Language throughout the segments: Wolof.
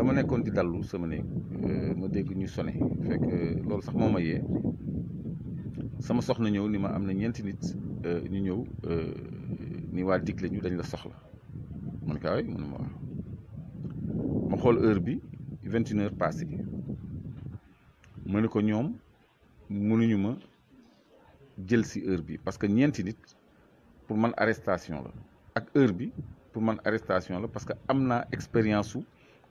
dama nekkoon di dallu sama néeg euh, ma dégg ñu sone fekk euh, loolu sax moo ma yee sama soxna ñëw ni ma am na ñeenti nit euh, ñu ñëw ni waa dig ñu dañ la soxla man kaay man ma wax ma xool heure bi vingt une heure passé ma ne ko ñoom mënuñu ma jël si heure bi parce que ñeenti nit pour man arrestation la ak heure bi pour man arrestation la parce que am naa expérience su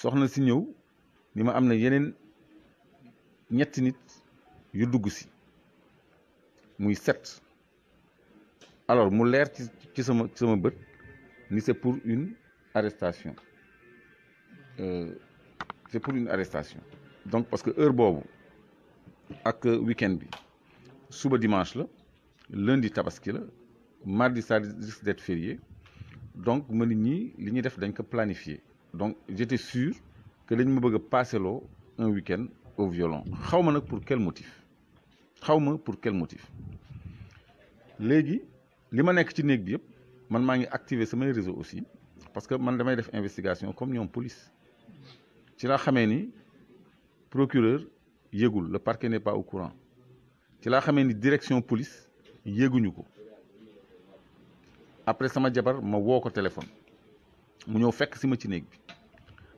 soxna si ñew ni ma am na yeneen nit yu dugg ci muy set alors mu leer ci ci sama sama beut ni c'est pour une arrestation euh, c'est pour une arrestation donc parce que heure bobu ak weekend bi suba dimanche la lundi tabaski la mardi ça risque d'être férié donc ma nit ñi li ñuy def dañ ko planifier donc j'étais sûr que les gens bëgg un week-end au violon ne ma pas pour quel motif xaw pas pour quel motif Maintenant, li ma nekk ci néeg bi activé man maa réseau aussi parce que man damay des investigation comme une police ci laa xamee ni procureur yëgul le parquet n'est pas au courant ci la que ni direction police yëguñu ko après sama jabar ma woo téléphone mu ñëw fekk si ma ci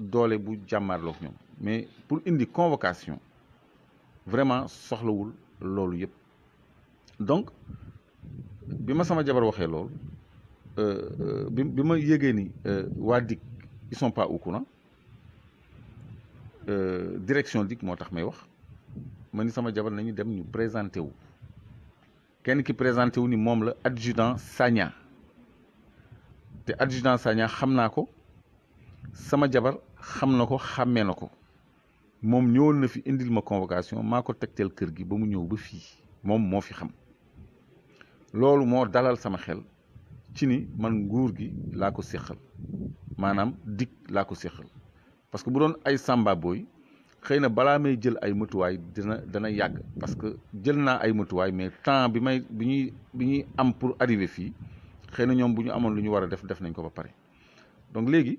doole bu jàmmaarloog ñoom mais pour indi convocation vraiment soxlawul loolu yëpp donc bi ma sama jabar waxee loolu euh, euh, bi ma ni euh, waa DIC ils sont pas au courant direction DIC moo tax may wax ma ni sama jabar nañu dem ñu présenté wu kenn ki présenté wu ni moom la adjudant Sagna te adjudant Sagna xam naa ko sama jabar xam na ko xàmmee na ko moom ñëwal na fi indil ma convocation maa ko tegteel kër gi ba mu ñëw ba fii moom moo fi xam loolu moo dalal sama xel ci ni man nguur gi laa ko séqal maanaam dig laa ko séqal parce que bu doon ay samba booy xëy na balaa may jël ay matuwaay dina dana yàgg parce que jël naa ay matuwaay mais temps bi may bi ñuy bi ñuy am pour arriver fii xëy na ñoom bu ñu amoon lu ñu war a def def nañ ko ba pare donc léegi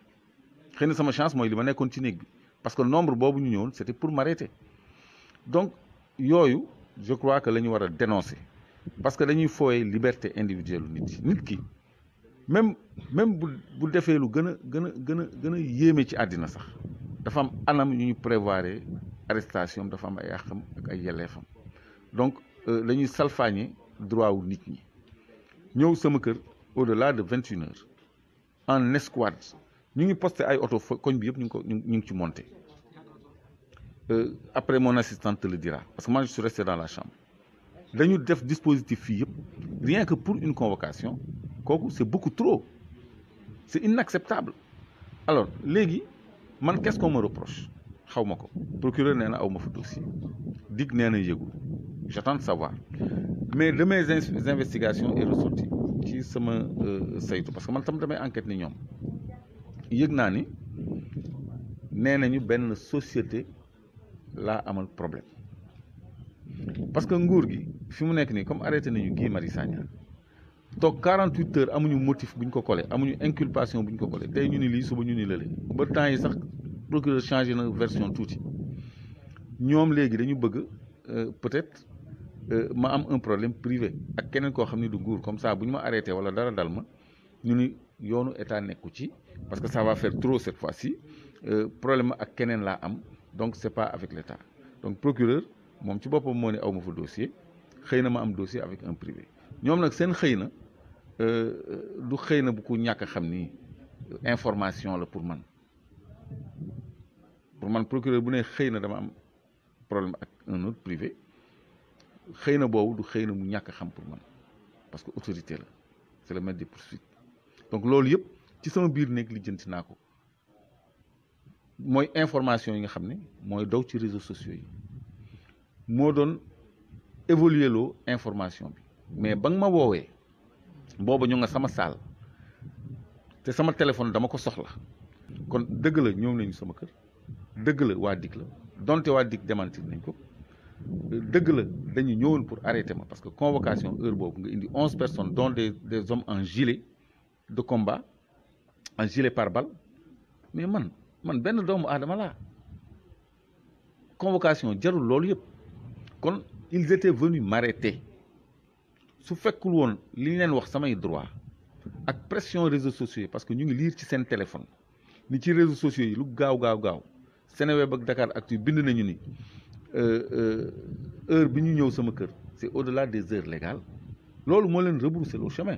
Je ne sais pas chance, je vais continuer. Parce que le nombre de gens, c'était pour m'arrêter. Donc, je crois que nous devons dénoncer. Parce que nous gens font la liberté individuelle. même si vous avez fait le même chose, vous devons prévoir l'arrestation de femmes et de femmes et de Donc, nous euh, les gens salfagnent les droits des gens. Nous sommes au-delà de 21 heures, en escouade. Nous ngi posté ay auto koñ bi yëpp ñu monté après mon assistante le dira parce que moi je suis resté dans la chambre dañu def dispositif fi yëpp rien que pour une convocation c'est beaucoup trop c'est inacceptable alors légui man qu'est-ce qu'on me reproche xaw ma ko procureur nee na ma fa dossier dig pas de dossier. j'attends de savoir mais de mes investigations est ressorti ci sama euh, saytu parce que man tam damay enquête ni ñom yëg nenañu ni benn société la amal problème parce que nguur gi fimu nek ni comme arrêté nañu Guy Marius tok 48 heures amuñu motif buñ ko collé amuñu inculpation buñ ko collé tay ñu ni li suba ñu ni lële ba temps yi sax procureur changé na version touti ñom légui dañu bëgg euh, peut-être euh, ma am un problème privé ak keneen ko xamni du nguur comme ça buñ ma arrêté wala dara dal ma ñu ni yoonu état nekku ci parce que ça va faire trop cette fois-ci euh, problème ak kenen la am donc c'est pas avec l'état donc procureur mom ci bopam moo ne aw fa dossier xeyna ma am dossier avec un privé ñom nak sen xeyna euh, euh du xeyna na bu ko ñàkk a xam ni euh, information la pour man pour man procureur bu ne xeyna dama am problème ak un autre privé xeyna na boobu du xeyna mu ñaka xam pour man parce que autorité la c'est le maître de poursuite donc loolu yep ci sama bir nek li naa ko moy information yi nga xamné moy mooy daw ci réseaux sociaux yi mo doon évoluer lo information bi mais ba ma woowee bobu ñu nga sama salle té sama téléphone dama ko soxla kon dëgg la ñëw nañu sama kër dëgg la wa dik la donte wa dik démentir nañ ko dëgg la dañu ñëwoon pour arrêter ma parce que convocation heure bobu nga indi onze personnes dont des des hommes en gilet de combat en gilet pare-balles mais man man dom adama là, convocation ils étaient venus m'arrêter su fekkul woon li wax samay droit avec pression réseaux sociaux parce que ñu ngi lire téléphone ni réseaux sociaux yi lu c'est au-delà des heures légales le chemin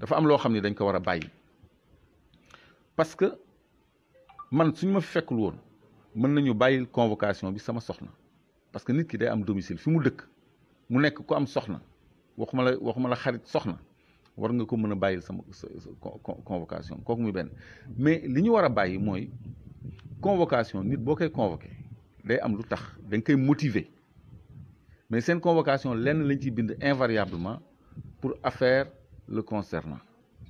dafa am lo dañ ko wara bayyi parce que man suñu ma fekkul nañu convocation bi sama soxna parce que nit ki day am domicile fi mu dëkk mu nekk ko am soxna waxuma la waxuma la xarit soxna war nga ko convocation mais liñu wara bayyi moy convocation nit bokay day am mais sen convocation lenn lañ invariablement pour affaire le concernant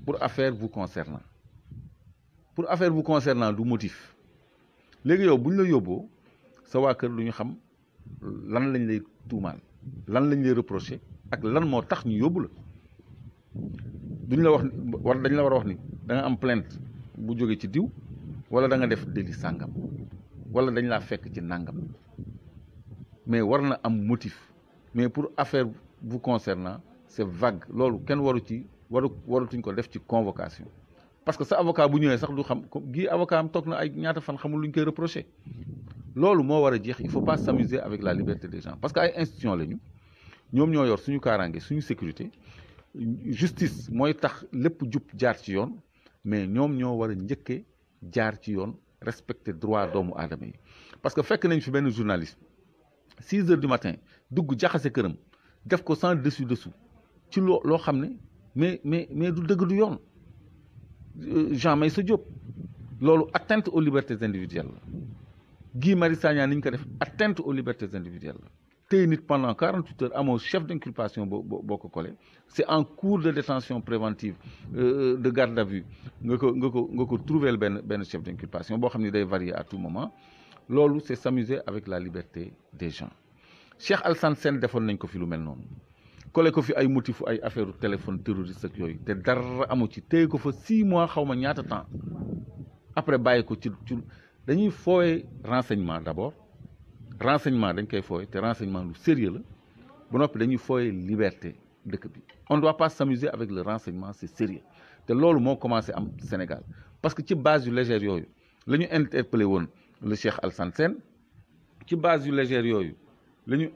pour affaire vous concernant pour affaire vous concernant du motif les yow au bout la va sa waa kër tout xam euh, lan lañ lay tuumaal lan lañ lay reproché ak lan mo tax ñu yóbbu la duñ la wax war dañ la war wax ni da nga am plainte bu joggé ci diw wala da nga def déli sangam wala dañ la fekk ci nangam mais war un am motif mais pour affaire vous concernant c'est vague loolu ken waru ci waru warutuñ ko def ci convocation parce que sa avocat bu ñëwé sax du xam gi avocat am tok na ay ñaata fan xamul luñ koy reprocher. loolu mo wara jeex il faut pas s'amuser avec la liberté des gens parce que ay institution lañu Ñom ñoo yor suñu karangé, suñu sécurité justice moy tax lepp jup jaar ci yoon mais ñom ñoo wara ñëkke jaar ci yoon respecter droit doomu aadama yi parce que fekk nañ fi benn journaliste 6 heures du matin dugg jaxase kërëm def ko sans dessus dessous ci lo loo mais mais mais du deug du yoon euh, Jean Diop lolu atteinte aux libertés individuelles Guy Marissa ko atteinte aux libertés individuelles la tey nit pendant 48 heures amo chef d'inculpation, Boko en cours de détention préventive euh, euh, de garde à vue nga ko nga ko nga ko trouver chef d'inculpation. Il xamni day varier à tout moment lolu c'est s'amuser avec la liberté des gens Cheikh al sen defoon nañ ko fi lu mel non collé ko fi ay motif ay affaire téléphone terroriste ak yoy té dara amu ci téye ko fa 6 mois xawma ma ñaata temps après bàyyi ko ci dañuy fooye renseignement d'abord renseignement dañ koy fooye té renseignement lu sérieux la bu nopi dañuy fooye liberté dëkk bi on doit pas s'amuser avec le renseignement c'est sérieux té lolu mo commencé am Sénégal parce que ci base du légère yoy lañu interpeller interpellé le Cheikh al Sène ci base du légère yoy la ñu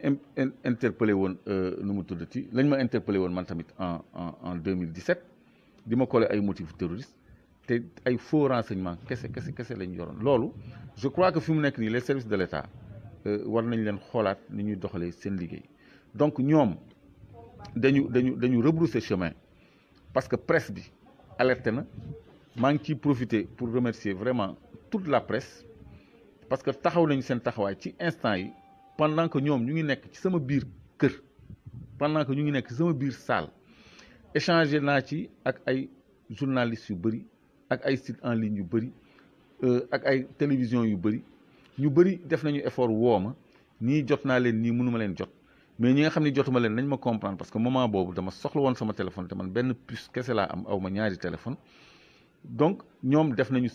interpellé euh, nu mu tuddati ma man tamit en en en 2017 di ma collé ay motif terroriste té ay faux renseignements Qu'est-ce qu'est-ce lañ yoroon lolu je crois que fimu nek ni les services de l'État euh, war nañ len xolaat ni ñuy doxalé sen liguey donc ñom dañu dañu dañu rebrousser chemin parce que presse bi alerté na maa ngi profiter pour remercier vraiment toute la presse parce que taxaw nañu sen taxaway ci instant yi pendant que nous sommes ngi ci pendant que nous ngi sama salle échangé na ci ak ay journalistes yu bari ak sites en ligne yu télévisions. Euh, ak ay télévision yu bari ñu bari def nañu effort ni jot mënuma jot mais ñi nga xamni jotuma nañ parce que moment bobu dama soxla won sama téléphone man am téléphone donc nous def nañu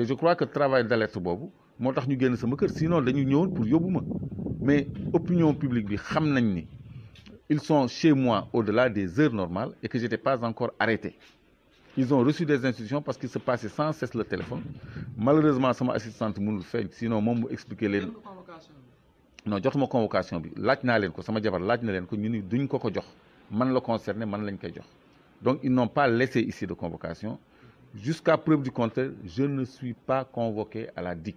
Et je crois que travail d'alerte bobu motax ñu génn sama kër sinon dañu ñëwoon pour yóbbu mais opinion publique bi xam ni ils sont chez moi au-delà des heures normales et que j'étais pas encore arrêté ils ont reçu des institutions parce qu'il se passait sans cesse le téléphone malheureusement sama assistante mënul fait, sinon moom mu expliquer leen non jotuma convocation bi laaj naa leen ko sama jabar laaj na leen ko ñu ni duñ ko ko jox man la concerné man lañ koy jox donc ils n'ont pas laissé ici de convocation jusqu'à preuve du contraire je ne suis pas convoqué à la DIC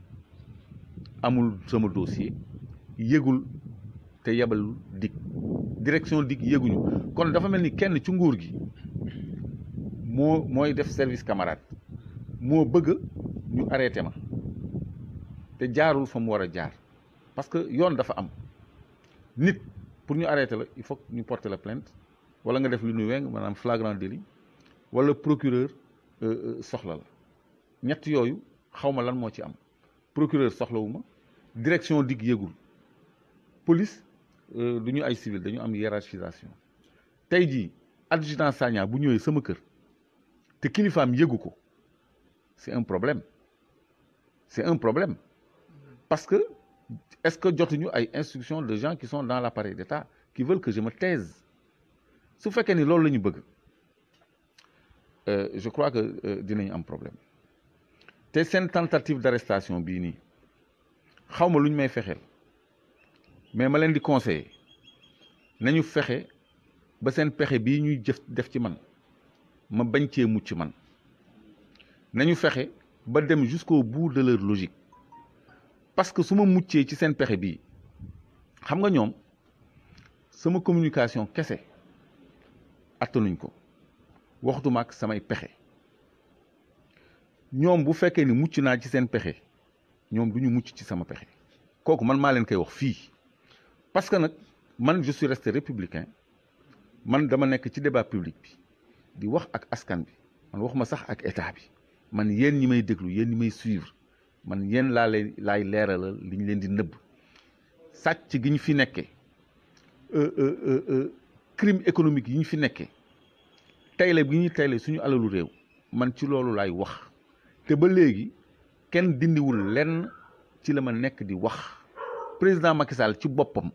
amul sama dossier Yegul, te yabal dik direction dig yeguñu kon dafa melni kenn ci nguur gi mo moy def service camarade mo bëgg ñu arrêté ma te jaarul fam wara jaar parce que yoon dafa am nit pour ñu arrêté la il faut ñu porter la plainte wala nga def lu ñu weng flagrant délit wala procureur euh, euh, soxla la ñett yoyu xawma lan mo ci am procureur soxlawu direction dig yëgul police euh duñu ay civil dañu am hiérarchisation tey jii adjudant Sagna bu ñëwee sama kër té kilifaam de c'est un problème c'est un problème parce que est-ce que jotuñu ay instructions de gens qui sont dans l'appareil d'État qui veulent que je me taise su fekkee ni loolu lañu nous euh je crois que euh, avons un problème té une tentative d'arrestation bini xaw luñ may fexeel mais ma leen di conseiller nañu fexe ba seen pexe bi ñuy jëf def ci man ma bañ cee mucc man nañu fexe ba dem jusqu'au bout de leur logique parce que suma ma muccee ci seen pexe bii xam nga ñoom sama communication kese attanuñ ko waxtu ak samay pexe ñoom bu fekkee ni mucc naa ci seen pexe ñoom du ñu mucc ci sama pexe kooku man maa leen koy wax fii parce que nag man je suis républicain man dama nekk ci débat public bi di wax ak askan bi man ma sax ak état bi man yéen ñi may déglu yéen ñi may suivre man yéen laa leen laay leeralal li leen di nëbb sàcc gi ñu fi nekkee euh, euh, euh, crime économique yi ñu fi nekkee tayle gi ñuy tayle suñu alalu réew man ci loolu laay wax te ba léegi. kenn dindiwul len ci lama nek di wax président Macky Sall ci bopam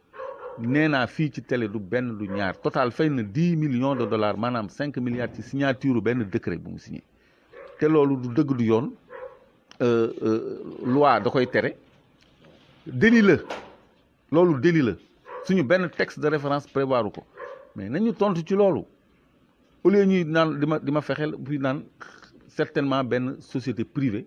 nee fi ci télé du ben du ñaar total fayna 10 dix millions de dollars manam cinq milliards ci signature ben décret bu mu signé te loolu du deug du yoon euh, euh, loi da koy téré délit le. loolu délit le suñu ben texte de référence prévoiru ko mais nañu tontu ci loolu au lieu ñuy naan dima ma di ma fexeel certainement ben société privée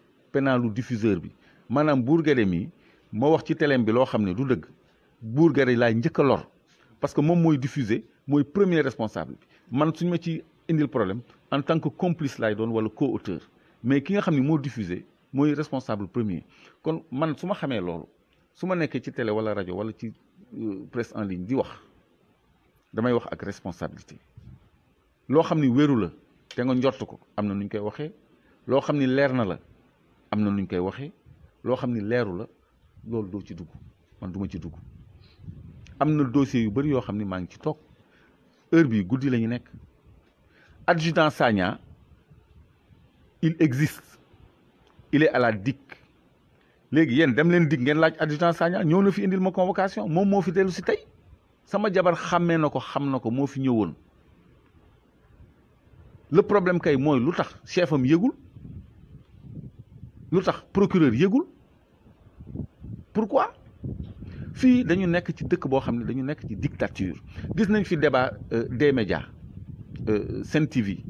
pénalu diffuseur bi manam Bour mi mo wax ci teleem bi lo xamné du deug Bour lay ñëk lor parce que mom moy diffuser moy premier responsable bi man suñu ma ci indil problème en tant que complice lay doon wala co-auteur mais ki nga xamné mo diffuser moy responsable premier kon man suma xamé xamee suma su ci télé wala radio wala ci euh, presse en ligne di wax damay wax ak responsabilité lo xam ni wéru la te nga njort ko amna nuñ koy waxé lo xam ni na la amna na nuñ koy waxé lo xamni lérou la lolou do ci dugg man duma ci dugg amna dossier yu bari yo xamni ma ngi ci tok heure bi goudi lañu nek nekk adjudant Sagna il existe il est à la DIC légui yeen dem leen DIC ngeen laaj adjudant Sagna ñëw na fi indil ma convocation mom mo fi dellu ci tay sama jabar xamé nako ko xam na ko fi ñewoon le problème kay moy lutax chefam chef nous sommes procureur Yegul. pourquoi si nous sommes ci dictature débat euh, des médias euh, TV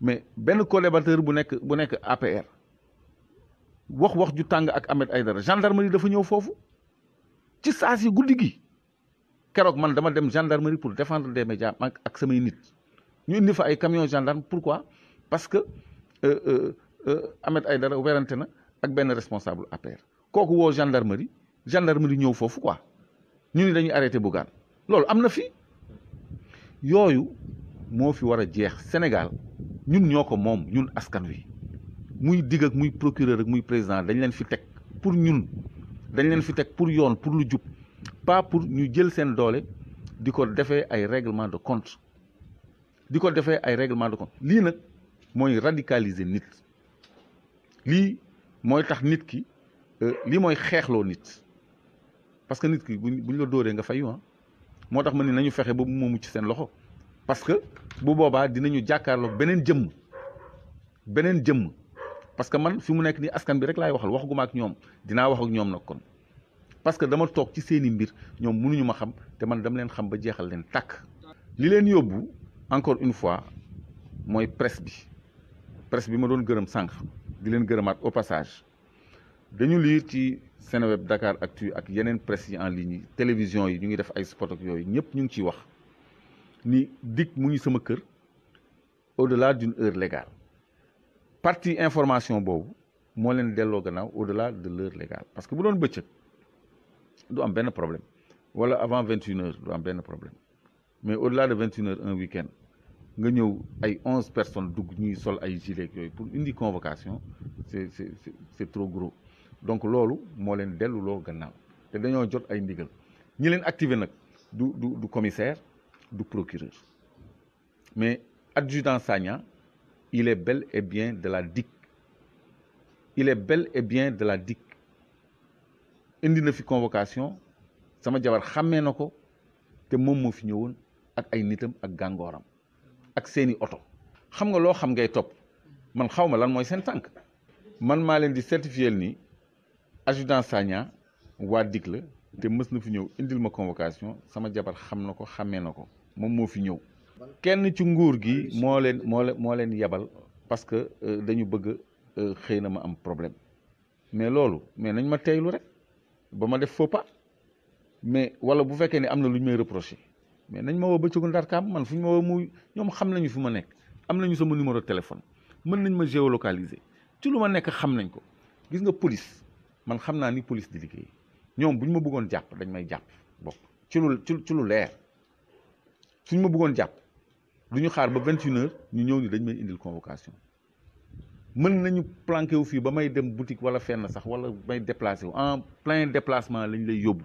mais collaborateur bu bu APR wax wax ju Tang ak Ahmed Aïdara gendarmerie dafa ñew fofu ci man dama gendarmerie pour défendre les médias ak samay nit ñu indi fa ay pourquoi parce que euh, euh, Ahmed Aïdara werante na ak ben responsable APR vous woo gendarmerie gendarmerie pas foofu quoi Nous, ni arrêté Bogan. loolu ce yo fi yooyu fi wara a jeex Sénégal ñun n'y Nous sommes ñun askan wi procureur ak président dañ fi pour nous. dañ fi pour yon, pour nous. pas pour nous, jël sen de compte Nous de compte radicaliser lii mooy tax nit ki euh, lii mooy xeexloo nit parce que nit ki bu buñ la dóoree nga fay ah moo tax ma ni nañu fexe ba mu moomu ci seen loxo parce que bu boobaa dina ñu jàkkaarloo beneen jëmm beneen jëmm parce que man fi mu nekk nii askan bi rek laay waxal waxaguma ak ñoom dinaa wax ak ñoom nag kon parce que dama toog ci seeni mbir ñoom mënuñu ma xam te man dama leen xam ba jeexal leen tàkk. li leen yóbbu encore une fois mooy presse bi presse bi ma doon gërëm sànq. di leen gërëmaat au passage dañu lire ci Seneweb Dakar Actu ak yeneen presse en ligne yi télévision yi ñu ngi def ay spot ak yooyu ñëpp ñu ngi ciy wax ni mu sama kër au-delà d'une heure légale partie information boobu moo leen delloo gannaaw au-delà de l'heure légale parce que bu doon bëccëg du am benn problème wala avant 21h, heures du am benn problème mais au-delà de 21h, heures un week-end nga ñëw ay 11 personnes dugg ñuy sol ay gilet yooyu pour indi convocation c'est c'est c'est trop gros donc loolu moo leen dellu loo gannaaw te dañoo jot ay ndigal ñi leen activé nag du du du commissaire du procureur mais adjudant Sagna il est bel et bien de la DIC il est bel et bien de la DIC indi na fi convocation sama jabar xàmmee na ko te moom moo fi ñëwoon ak ay nitam ak gàngooram ak sais auto xam nga loo xam ngay topp man xaw lan man maa leen di certifier ni adjudant sanya waa te convocation sama jabar xam fi kenn ci nguur gi yabal parce que euh, dañu bëgg euh, xëy problème mais loolu mais nañ ma teylu rek def faux pas mais wala bu lu reproché mais nañ ma woo bëccëgu ndar kaam man fuñ ñu ma woo muy ñoom xam nañu fi ma nekk am nañu sama numéro de téléphone mën nañ ma géolocaliser ci lu ma nekk xam nañ ko gis nga police man xam naa ni police di liggéey ñoom buñ ma bëggoon jàpp dañ may jàpp bopp ci lu ci lu leer suñ ma bëggoon jàpp du ñu xaar ba 21 une heures ñu ñëw ni dañ may indil convocation mën nañu planqué wu fii ba may dem boutique wala fenn sax wala may déplacé wu en plein déplacement lañ lay yóbbu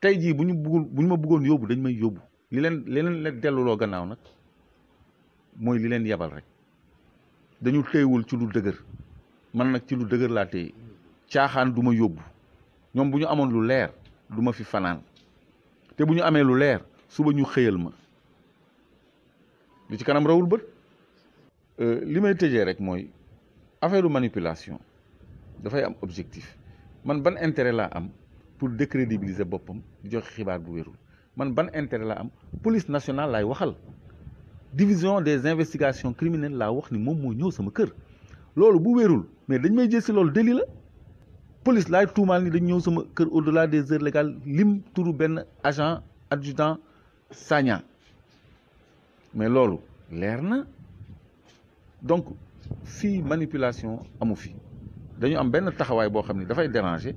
tey jii bu ñu bëggul bu ñu ma buggoon yóbbu dañ may yóbbu li leen li leen la delluloo gannaaw nag mooy li leen yebal rek dañu téyewul ci lu dëgër man nag ci lu dëgër laa téye caaxaan du ma yóbbu ñoom bu ñu amoon lu leer du ma fi fanaan te bu ñu amee lu leer suba ñu xëyal ma li ci kanam rawul bët euh, li may tëjee rek mooy affaire manipulation dafay am objectif man ban intérêt laa am pour décrédibiliser boppam joxe xibaar bu wérul man ban intérêt la am police nationale lay waxal division des investigations criminelles la wax ni mom mo ñëw sama kër loolu bu wérul mais dañ may jël ci loolu déli la police lay tuumaal ni dañ ñëw sama kër au delà des heures légales lim turu ben agent adjudant Sanya. mais loolu leer na donc fii manipulation amu fi dañu am benn taxawaay boo xam ne dafay déranger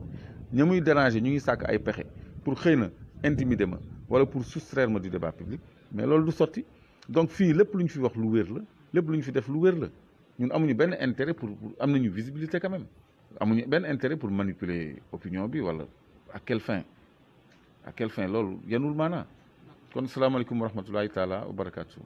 ña muy déranger ñu ngi sàkk ay pexe pour xëy na intimider ma wala pour soustraire ma du débat public mais loolu du sotti donc fii lépp lu ñu fi wax lu wér la lépp lu ñu fi def lu wér la ñun amuñu benn intérêt pour am nañu visibilité quand même amuñu benn intérêt pour manipuler opinion bi wala à quelle fin à quelle fin loolu yanul maanaa kon salaamaaleykum wa rahmatullahi taala wa barakaatu.